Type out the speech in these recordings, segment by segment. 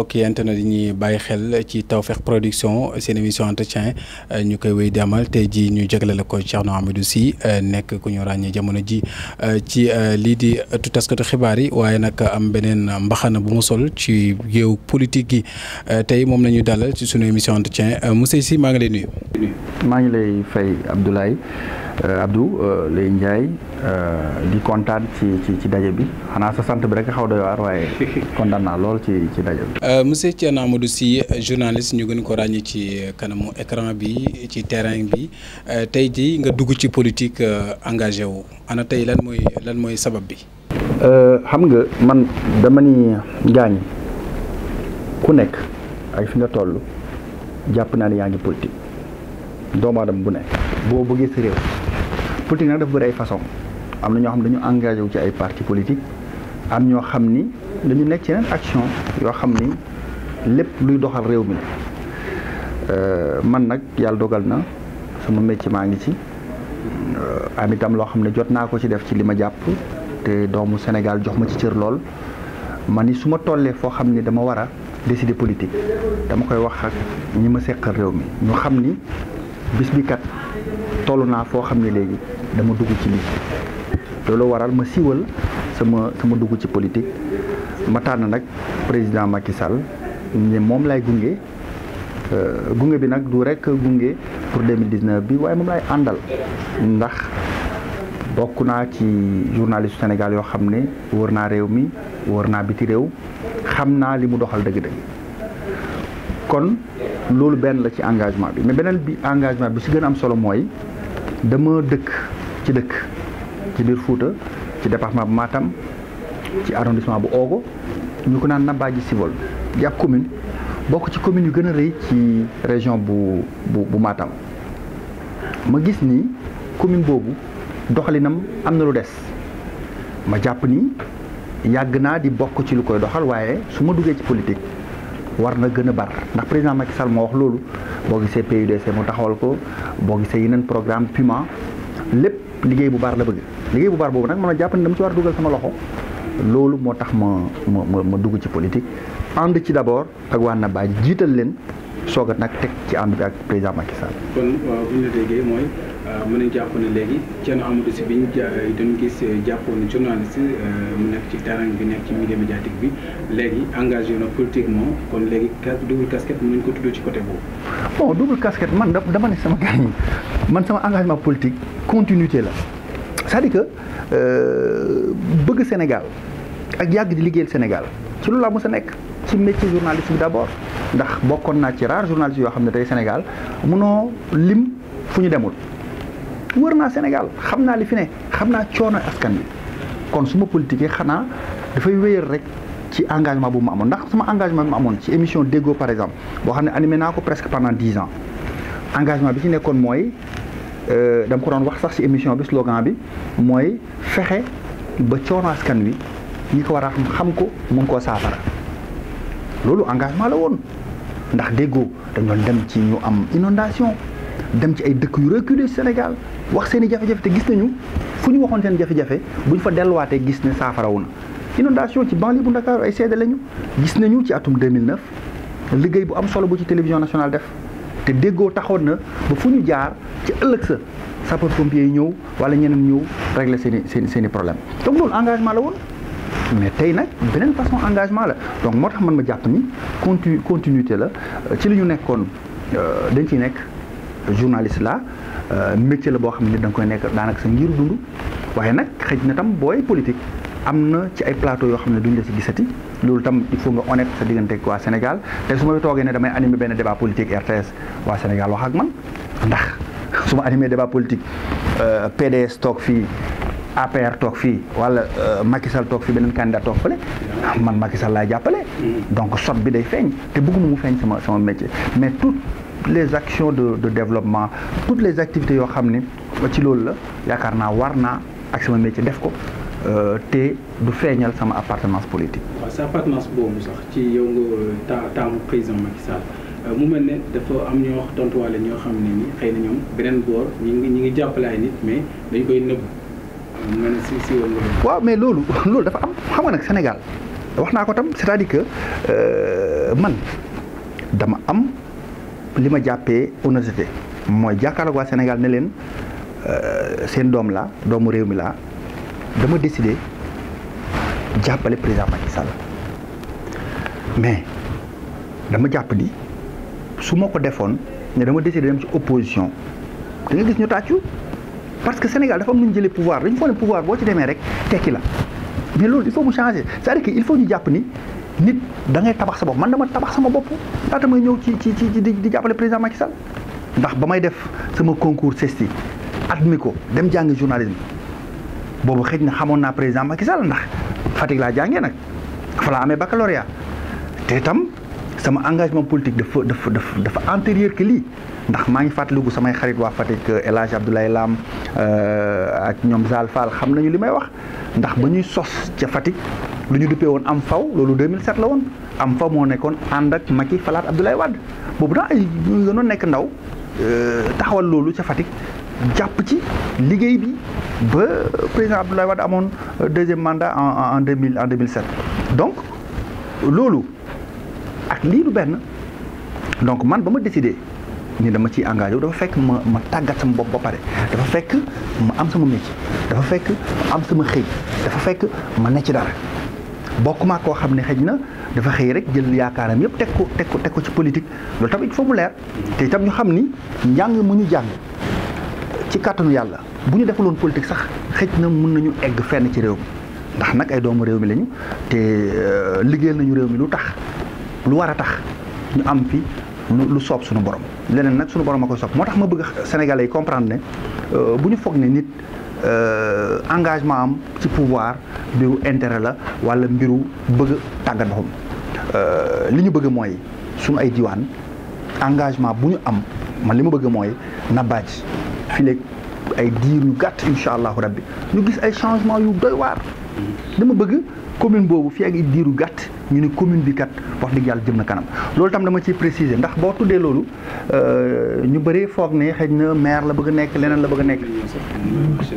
mbokk yi internet yi ñuy bàyyi xel ci Tawfekh Production seen émission entretien ñu koy wéy di amal tey jii ñu jagleel ko Thierno Hamidou Sy nekk ku ñu ràññee jamono ji ci euh, lii di ëttu taskatu xibaar yi waaye nag am beneen mbaxana bu mu sol ci géew politique yi euh, tey moom la ñuy dalal ci sunu émission entretien euh, monsieur si maa ngi lay nuyu. maa ngi lay fay Abdoulaye Abdou lay Ndiaye di kontaan ci daje bi xanaa sa sant bi rek xaw doy waar waaye kontaan lool ci ci Euh, monsieur Thierno Amadou si journaliste ñu gën ko ràññee ci kanamu écran bi ci terrain bi euh, tey jii nga dugg ci politique euh, engagé wu ana tey lan mooy lan mooy sabab bi. xam nga man dama ni gaañ ku nekk ak fi nga toll jàpp naa ni yaa ngi politique doomu aadama bu ne boo bëggee si réew politique nag dafa bëri ay façon am na ñoo xam ne dañu engagé wu ci ay parti politique. am ñoo xam ni lañu nekk ci yeneen action yoo xam ni lépp luy doxal réew mi la euh, man nag yàlla dogal na sama métier maa ngi ci euh, am itam loo xam ne jot naa ko ci def ci li ma jàpp te doomu Sénégal jox ma ci cër lool ma ni su ma tollee foo xam ni dama war a décider politique dama koy wax ak ñi ma seqal réew mi ñu xam ni bis bi kat toll naa foo xam ne léegi dama dugg ci lii loolu waral ma siiwal sama sama dugg ci politique ma tànn nag président Macky Sall moom laay gunge euh, gunge bi nag du rekk gunge pour 2019 bi waaye moom laay àndal ndax bokk naa ci journaliste Sénégal yoo xam ne wër naa réew mi wër naa biti réew xam naa li mu doxal dëgg-dëgg kon loolu benn la ci engagement bi mais beneen bi engagement bi si gën a am solo mooy dama dëkk ci dëkk ci biir Fuuta ci département bu maatam ci arrondissement bu Ogo ñu ko naan Nabadji Civol di jàpp commune bokk ci commune yu gën a rëy ci région bu bu bu Matam ma gis ni commune boobu doxalinam am na lu des ma jàpp ni yàgg naa di bokk ci lu koy doxal waaye su ma duggee ci politique war na gën a bar ndax président Macky Sall ma wax loolu boo gisee PUDC mu taxawal ko boo gisee yeneen programme PUMA lépp liggéey bu baar la bëgg liggéey bu baax boobu nag mën a jàpp ne dama ci war a dugal sama loxo loolu moo tax ma ma ma dugg ci politique ànd ci d'abord ak waa Nabaaj jiital leen soog a nag teg ci ànd bi ak président Macky Sall. kon mooy euh, mën nañu jàpp léegi Thierno Amadou Sy bi ñu euh, dañu gis euh, jàppoon journaliste mu ci terrain bi nekk ci milieu médiatique bi léegi engagé na politiquement kon léegi cas double casquette mën nañu ko tudd ci côté boobu. bon double casquette man dama ne sama gars man sama engagement politique continuité la. cest di dire que euh, bëgg Sénégal ak yàgg di liggéeyal Sénégal ci loolu laa mos a nekk ci métier journaliste bi d'abord ndax bokkoon naa ci rare journaliste yoo xam ne tey Sénégal munoo lim fu ñu demul wër naa Sénégal xam naa li fi ne xam naa coono askan bi kon su ma politique xanaa dafay wéyal rek ci engagement bu ma amoon ndax sama engagement bi mu amoon ci émission déggoo par exemple boo xam ne animé naa ko presque pendant dix ans engagement bi ci nekkoon mooy Euh, dama ko doon wax sax ci émission bi slogan bi mooy fexe ba coono kan wi ñi ko war a xam ko mën koo saafara loolu engagement la woon ndax déggoo dañoon dem ci ñu am inondation dem ci ay dëkk yu reculé Sénégal wax seen i jafe-jafe te gis nañu fu ñu waxoon seen jafe-jafe bu ñu fa delluwaatee gis ne saafarawu na inondation ci banlieue bu Ndakaaru ay seede lañu gis nañu ci atum 2009 liggéey bu am solo bu ci télévision nationale def te déggoo taxoon na ba fu ñu jaar ci ëllëg sa sapeur pompier yi ñëw wala ñeneen ñëw régler seen seeni problème donc loolu engagement la woon mais tey nag beneen façon engagement la donc moo tax man ma jàpp ni continu continuité la euh, ci lu ñu nekkoon euh, dañ ciy nekk journaliste la euh, métier la boo xam ne da nga koy nekk daanaka sa ngir dund waaye nag xëj na tam booy politique. am na ci ay plateau yoo xam ne duñ la ci gisati loolu tam il faut nga honnête sa diggante ak waa Sénégal tey su may toogee ne damay animé benn débat politique RTS waa Sénégal wax ak man ndax su ma animé débat politique euh, PDS toog fii APR toog fii wala euh, Macky Sall toog fii beneen candidat toog fële man Macky Sall laay jàppale donc sot bi day feeñ te bëgguma mu feeñ sama sama métier mais tout les actions de de développement toutes les activités yoo xam ne ci loolu la yaakaar naa war naa ak sama métier def ko Euh, te du feeñal sama appartenance politique. waaw sa appartenance boobu sax ci yow nga euh, taamu président Macky Sall euh, mu mel ne dafa am ñoo tontuwaale ñoo xam ne ni xëy na ñoom beneen boor ñi ngi ñi ngi jàppale nit mais dañ koy nëbb mu mel waaw mais loolu loolu dafa am xam nga nag Sénégal wax naa ko tam cest à que man dama am li ma jàppee honnêteté mooy jàkkaarloog waa Sénégal ne leen seen doom la doomu réew mi laa. dama décidé jàppale président Macky mais dama jàpp ni su ma ko defoon ne dama décidé dem ci opposition da nga gis ñu tàccu parce que Sénégal dafa am lu ñu jëlee pouvoir dañu foog ne pouvoir boo ci demee rek tekki la mais loolu il faut mu changer c'est-à-dire il faut ñu jàpp ni nit dangay ngay tabax sa bopp man dama tabax sama bopp laata may ñëw ci ci ci di jàppale président Macky Sall ndax ba may def sama concours CESTI admis ko dem jàngi journalisme. boobu xëj na xamoon naa président Macky Sall ndax Fatick laa jàngee nag fa laa amee baccalauréat te itam sama engagement politique dafa dafa dafa dafa antérieur que lii ndax maa ngi fàttaliku samay xarit waa Fatick euh, El Hadj laam Lam euh, ak ñoom Zal Fall xam nañu li may wax ndax ba ñuy sos ca Fatick lu ñu duppee woon am faw loolu 2007 la woon am faw moo nekkoon ànd ak Macky falaat Abdoulaye Wade boobu daa ay ñu nekk ndaw euh, taxawal loolu ca Fatick jàpp ci liggéey bi ba président Abdoulaye Wade amoon euh, deuxième mandat en en deux mille en deux mille sept donc loolu ak lii du benn donc man ba ma décidé ni dama ciy engage wu dafa fekk ma ma tàggat sama bopp ba pare dafa fekk ma am sama métier dafa fekk ma am sama xëy dafa fekk ma ne ci dara bokk maa koo xam ne xëj na dafa xëy rek jël yaakaaram yëpp teg ko teg ko teg ko ci politique loolu tamit il faut mu leer te itam ñu xam ni njàng mu ñu jàng. ci kàttanu yàlla bu ñu defaloon politique sax xëj na mën nañu egg fenn ci réew mi ndax nag ay doomu réew mi lañu te euh, liggéeyal nañu réew mi lu tax lu war a tax ñu am fi lu soob sunu borom leneen nag suñu borom ako koy soob moo tax ma bëgg Sénégalais yi comprendre ne euh, bu ñu foog ne nit euh, engagement am ci pouvoir mbiru intérêt la wala mbiru bëgg tàggat boppam li ñu bëgg mooy suñu ay diwaan engagement bu ñu am man li ma bëgg mooy na bàjj fileeg ay diir yu gàtt incha allahu rabbi ñu gis ay changement yu doy waar dama bëgg commune boobu fii ak i diiru gàtt ñu ne commune bi kat wax dëgg yàlla jëm na kanam loolu tam dama ciy préciser ndax boo tuddee loolu euh, ñu bëree foog ne xëy na maire la bëgg a nekk leneen la bëgg a nekk.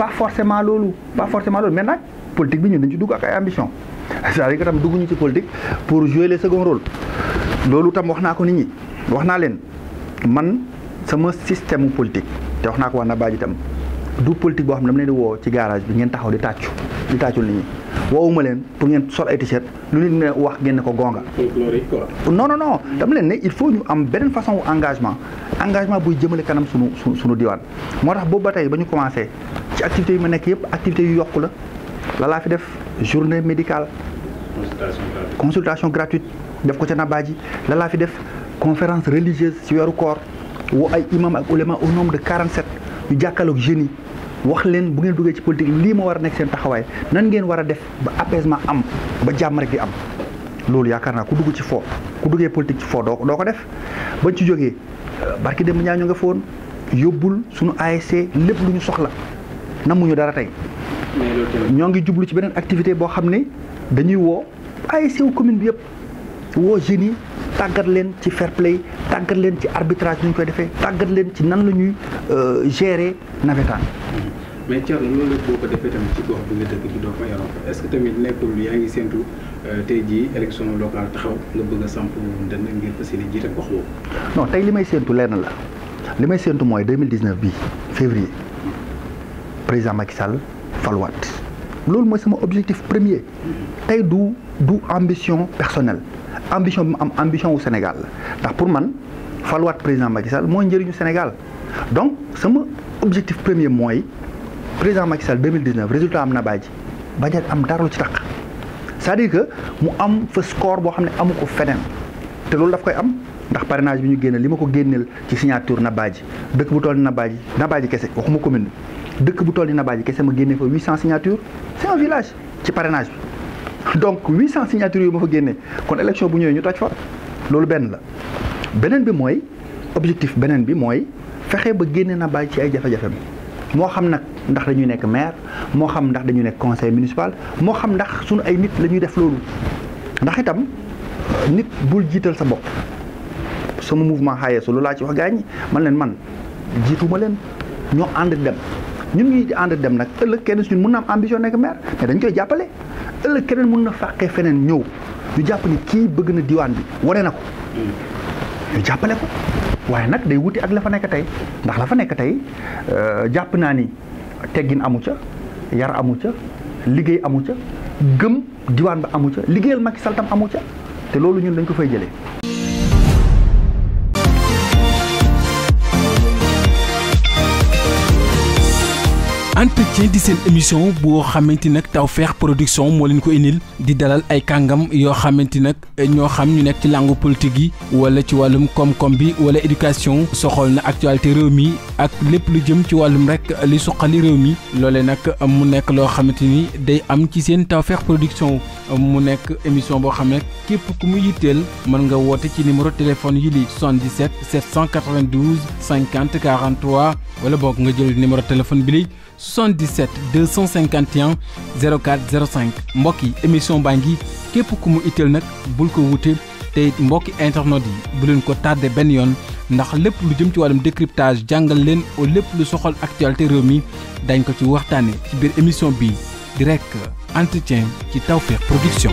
pas forcément loolu. pas forcément loolu mais nag politique bi ñu dañu ci dugg ak ay ambition c'est-à-dire que tam dugguñu ci politique pour jouer le second rôle. loolu tam wax naa ko nit ñi wax naa leen man sama système politique. te wax naa ko waa na baaji itam du politique boo xam ne dama leen di woo ci garage bi ngeen taxaw di tàccu di tàccul nit ñi leen pour ngeen sol ay t-shirt lu nit wax ngeen ne ko gonga non non non dama leen ne il faut ñu am benn façon engagement engagement buy jëmale kanam sunu su suñu diwaan moo tax boobu ba tey ba ñu commencé ci activités yu ma nekk yëpp activités yu yokku la la laa fi def journée médical consultation gratuite def ko ca nabaaji la laa fi def conférence religieuse ci weeru koor woo ay imam ak ulama au nombre de 47 ñu jàkkaarloog jeunes yi wax leen bu ngeen duggee ci politique lii ma war a nekk seen taxawaay nan ngeen war a def ba apaisement am ba jàmm rek di am loolu yaakaar naa ku dugg ci foo ku duggee politique ci foo doo ko doo ko def bañ ci jógee euh, barki dem ñaa ñu nga foon yóbbul suñu ASC lépp lu ñu soxla namuñu dara tey ñoo ngi jublu ci beneen activité boo xam ne dañuy woo ASC wu commune bi yëpp woo jeunes yi tàggat leen ci fair play tàggat leen ci arbitrage nu koy defee tàggat leen ci nan la ñuy euh, gérer nawetaan. mais Thierno loolu boo ko que tamit nekkul yaa ngi séntu euh, tey jii élection locale taxaw nga bëgg a samp dana ngir fas yéene jiite gox boobu. tey li may séntu lenn la li may séntu mooy 2019 bii février président Macky Sall faluwaat loolu mooy sama objectif premier tey du du ambition personnelle. ambition bi mu am ambition wu Sénégal la ndax pour man falwaat président Macky mooy njëriñu Sénégal donc sama objectif premier mooy président Macky Sall 2019 résultat am na bàyyi bañ a am dara lu ci tax c'est-à-dire que mu am fa score boo xam ne amu ko feneen te loolu daf koy am ndax parrainage bi ñu génne li ma ko génneel ci signature Nabadji dëkk bu toll ni Nabadji Nabadji kese waxuma commune dëkk bu toll ni Nabadji kese ma génne fa 800 signature c'est un village ci bi. donc 800 signatures yu ma fa génnee kon élection bu ñëwee ñu toj fa loolu benn la beneen bi mooy objectif beneen bi mooy fexe ba génne na bàyyi ci ay jafe-jafem moo xam nag ndax dañuy nekk maire moo xam ndax dañu nekk conseil municipal moo xam ndax suñu ay nit la ñuy def loolu ndax itam nit bul jiital sa bopp sama mouvement xaayeesu loolu laa ci wax gaañ man leen man jiituma leen ñoo ànd dem ñun ñuy ànd dem nag ëllëg kenn suñu mun na am ambition nekk maire mais dañ koy jàppale ëllëg keneen mun na fàqee feneen ñëw ñu jàpp ni kii bëgg na diwaan bi ware na ko mm. ñu jàppale ko waaye nag day wuti ak la fa nekk tey ndax la fa nekk tey euh, jàpp naa ni teggin amu ca yar amu ca liggéey amu ca gëm diwaan bi amu ca liggéeyal Macky Sall tam amu ca te loolu ñun lañ ko fay jëlee entretien di seen émission boo xamante nag Tawfekh Production moo leen ko indil di dalal ay kàngam yoo xamante nag ñoo xam ñu nekk ci làngu politique yi wala ci wàllum koom-koom bi wala éducation soxool na actualité réew mi ak lépp lu jëm ci wàllum rek li suqali réew mi loole nag mu nekk loo xamante ni day am ci seen Tawfekh Production mu nekk émission boo xam ne képp ku mu yitteel mën nga woote ci numéro téléphone yi li 77 792 50 43 wala boog nga jël numéro téléphone bi li 77 251 04 05 mbokk yi émission baa ngi képp ku mu itteel nag bul ko wute tey mbokki internet yi bu leen ko tardé benn yoon ndax lépp lu jëm ci wàllum décryptage jàngal leen o lépp lu soxal actualité réew mi dañ ko ci waxtaane ci biir émission bi direct entretien ci Tawfekh Production